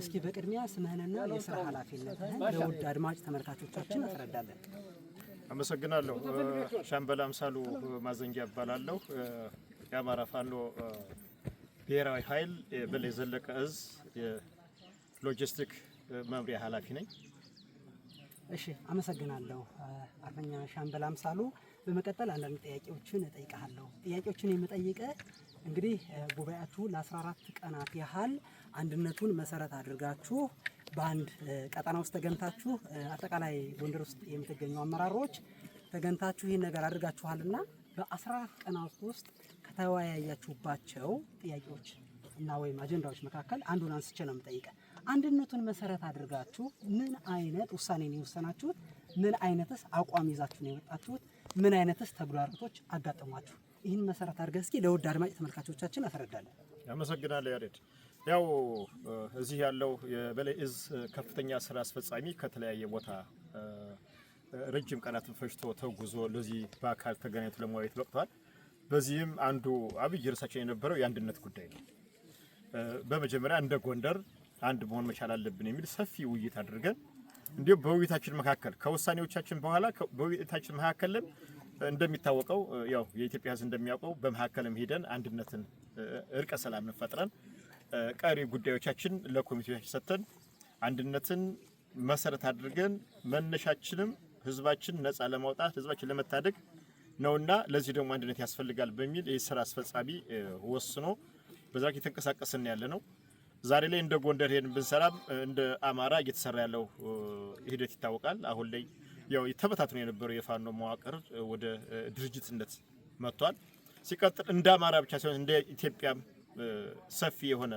እስኪ በቅድሚያ ስምህንና የስራ ኃላፊነትህን ለውድ አድማጭ ተመልካቾቻችን አስረዳለን። አመሰግናለሁ። ሻምበል አምሳሉ ማዘንጊያ እባላለሁ። የአማራ ፋኖ ብሔራዊ ኃይል በላይ ዘለቀ እዝ የሎጂስቲክ መምሪያ ኃላፊ ነኝ። እሺ አመሰግናለሁ አርበኛ ሻምበል አምሳሉ። በመቀጠል አንዳንድ ጥያቄዎችን እጠይቀሃለሁ። ጥያቄዎችን የምጠይቀህ እንግዲህ ጉባኤያችሁ ለ14 ቀናት ያህል አንድነቱን መሰረት አድርጋችሁ በአንድ ቀጠና ውስጥ ተገንታችሁ አጠቃላይ ጎንደር ውስጥ የምትገኙ አመራሮች ተገንታችሁ ይህን ነገር አድርጋችኋልና በ14 ቀናት ውስጥ ከተወያያችሁባቸው ጥያቄዎች እና ወይም አጀንዳዎች መካከል አንዱን አንስቼ ነው የምጠይቀ። አንድነቱን መሰረት አድርጋችሁ ምን አይነት ውሳኔ ነው የወሰናችሁት? ምን አይነትስ አቋም ይዛችሁ ነው የወጣችሁት? ምን አይነትስ ተግዳሮቶች አጋጠሟችሁ? ይህን መሰረት አድርገህ እስኪ ለውድ አድማጭ ተመልካቾቻችን አስረዳለን። አመሰግናለሁ ያሬድ። ያው እዚህ ያለው የበላይ እዝ ከፍተኛ ስራ አስፈጻሚ ከተለያየ ቦታ ረጅም ቀናትን ፈጅቶ ተጉዞ ለዚህ በአካል ተገናኝቶ ለማየት በቅቷል። በዚህም አንዱ አብይ ርዕሳችን የነበረው የአንድነት ጉዳይ ነው። በመጀመሪያ እንደ ጎንደር አንድ መሆን መቻል አለብን የሚል ሰፊ ውይይት አድርገን እንዲሁም በውይይታችን መካከል ከውሳኔዎቻችን በኋላ በውይይታችን መካከልም እንደሚታወቀው ያው የኢትዮጵያ ሕዝብ እንደሚያውቀው በመካከልም ሄደን አንድነትን እርቀ ሰላምን ፈጥረን ቀሪ ጉዳዮቻችን ለኮሚቴዎች ሰጥተን አንድነትን መሰረት አድርገን መነሻችንም ሕዝባችን ነጻ ለማውጣት ሕዝባችን ለመታደግ ነውና ለዚህ ደግሞ አንድነት ያስፈልጋል በሚል የስራ አስፈጻሚ ወስኖ በዛ የተንቀሳቀስን ያለ ነው። ዛሬ ላይ እንደ ጎንደር ሄድን ብንሰራም እንደ አማራ እየተሰራ ያለው ሂደት ይታወቃል። አሁን ላይ ያው ተበታትኖ የነበረው የፋኖ መዋቅር ወደ ድርጅትነት መጥቷል። ሲቀጥል እንደ አማራ ብቻ ሳይሆን እንደ ኢትዮጵያ ሰፊ የሆነ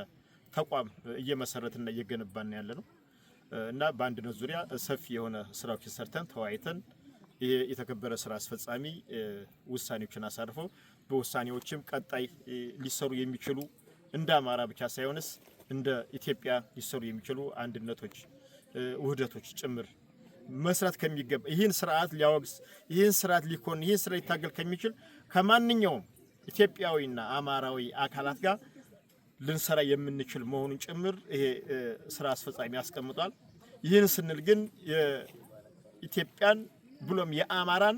ተቋም እየመሰረትና እየገነባን ያለ ነው እና በአንድነት ዙሪያ ሰፊ የሆነ ስራዎችን ሰርተን ተወያይተን ይሄ የተከበረ ስራ አስፈጻሚ ውሳኔዎችን አሳርፎ በውሳኔዎችም ቀጣይ ሊሰሩ የሚችሉ እንደ አማራ ብቻ ሳይሆንስ እንደ ኢትዮጵያ ሊሰሩ የሚችሉ አንድነቶች፣ ውህደቶች ጭምር መስራት ከሚገባ ይህን ስርዓት ሊያወግዝ ይህን ስርዓት ሊኮን ይህን ስራ ሊታገል ከሚችል ከማንኛውም ኢትዮጵያዊና አማራዊ አካላት ጋር ልንሰራ የምንችል መሆኑን ጭምር ይሄ ስራ አስፈጻሚ ያስቀምጧል። ይህን ስንል ግን የኢትዮጵያን ብሎም የአማራን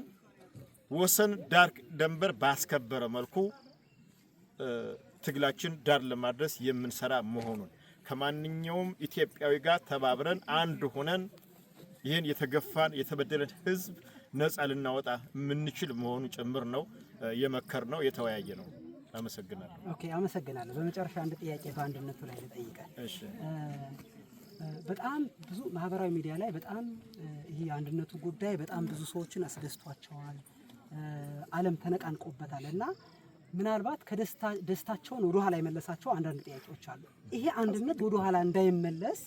ወሰን ዳር ደንበር ባስከበረ መልኩ ትግላችን ዳር ለማድረስ የምንሰራ መሆኑን ከማንኛውም ኢትዮጵያዊ ጋር ተባብረን አንድ ሆነን ይህን የተገፋን የተበደለን ህዝብ ነጻ ልናወጣ የምንችል መሆኑ ጭምር ነው የመከር ነው የተወያየ ነው። አመሰግናለሁ። ኦኬ አመሰግናለሁ። በመጨረሻ አንድ ጥያቄ በአንድነቱ ላይ ልጠይቃል። እሺ በጣም ብዙ ማህበራዊ ሚዲያ ላይ በጣም ይሄ አንድነቱ ጉዳይ በጣም ብዙ ሰዎችን አስደስቷቸዋል። ዓለም ተነቃንቆበታል እና ምናልባት ከደስታቸውን ወደኋላ የመለሳቸው አንዳንድ ጥያቄዎች አሉ። ይሄ አንድነት ወደኋላ እንዳይመለስ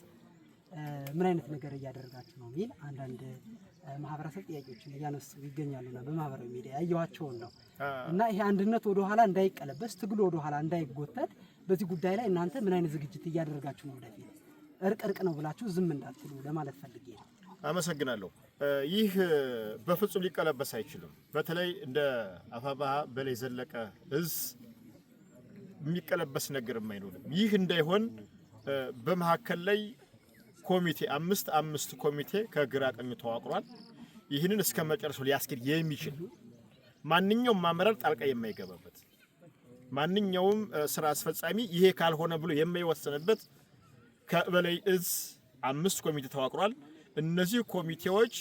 ምን አይነት ነገር እያደረጋችሁ ነው የሚል አንዳንድ ማህበረሰብ ጥያቄዎችን እያነሱ ይገኛሉና በማህበራዊ ሚዲያ ያየኋቸውን ነው እና ይሄ አንድነት ወደኋላ እንዳይቀለበስ፣ ትግሉ ወደኋላ እንዳይጎተት በዚህ ጉዳይ ላይ እናንተ ምን አይነት ዝግጅት እያደረጋችሁ ነው? ወደፊት እርቅ እርቅ ነው ብላችሁ ዝም እንዳትሉ ለማለት ፈልጌ ነው። አመሰግናለሁ። ይህ በፍጹም ሊቀለበስ አይችልም። በተለይ እንደ አፋባ በላይ ዘለቀ እዝ የሚቀለበስ ነገር አይኖርም። ይህ እንዳይሆን በመሀከል ላይ ኮሚቴ አምስት አምስት ኮሚቴ ከግራ ቀኙ ተዋቅሯል። ይህንን እስከ መጨረሱ ሊያስኬድ የሚችል ማንኛውም አመራር ጣልቃ የማይገባበት ማንኛውም ስራ አስፈጻሚ ይሄ ካልሆነ ብሎ የማይወሰንበት ከበላይ እዝ አምስት ኮሚቴ ተዋቅሯል። እነዚህ ኮሚቴዎች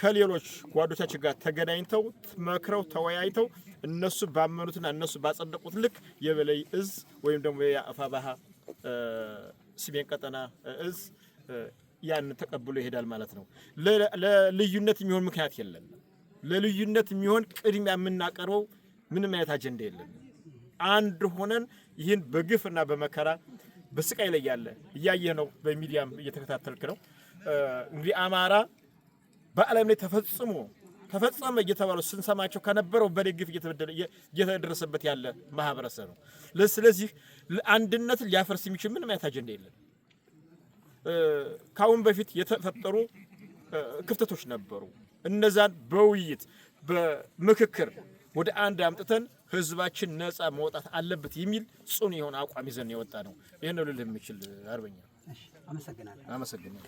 ከሌሎች ጓዶቻችን ጋር ተገናኝተው መክረው ተወያይተው እነሱ ባመኑትና እነሱ ባጸደቁት ልክ የበላይ እዝ ወይም ደግሞ የአፋባሃ ስሜን ቀጠና እዝ ያን ተቀብሎ ይሄዳል ማለት ነው። ለልዩነት የሚሆን ምክንያት የለም። ለልዩነት የሚሆን ቅድሚያ የምናቀርበው ምንም አይነት አጀንዳ የለም። አንድ ሆነን ይህን በግፍና በመከራ በስቃይ ላይ ያለ እያየህ ነው፣ በሚዲያም እየተከታተልክ ነው። እንግዲህ አማራ በዓለም ላይ ተፈጽሞ ተፈጸመ እየተባሉ ስንሰማቸው ከነበረው በላይ ግፍ እየተደረሰበት ያለ ማህበረሰብ ነው። ስለዚህ አንድነት ሊያፈርስ የሚችል ምንም አይነት አጀንዳ የለም። ከአሁን በፊት የተፈጠሩ ክፍተቶች ነበሩ። እነዛን በውይይት በምክክር ወደ አንድ አምጥተን ህዝባችን ነፃ መውጣት አለበት የሚል ጽኑ የሆነ አቋም ይዘን የወጣ ነው። ይህን ልልህ የምችል አርበኛ። አመሰግናለሁ።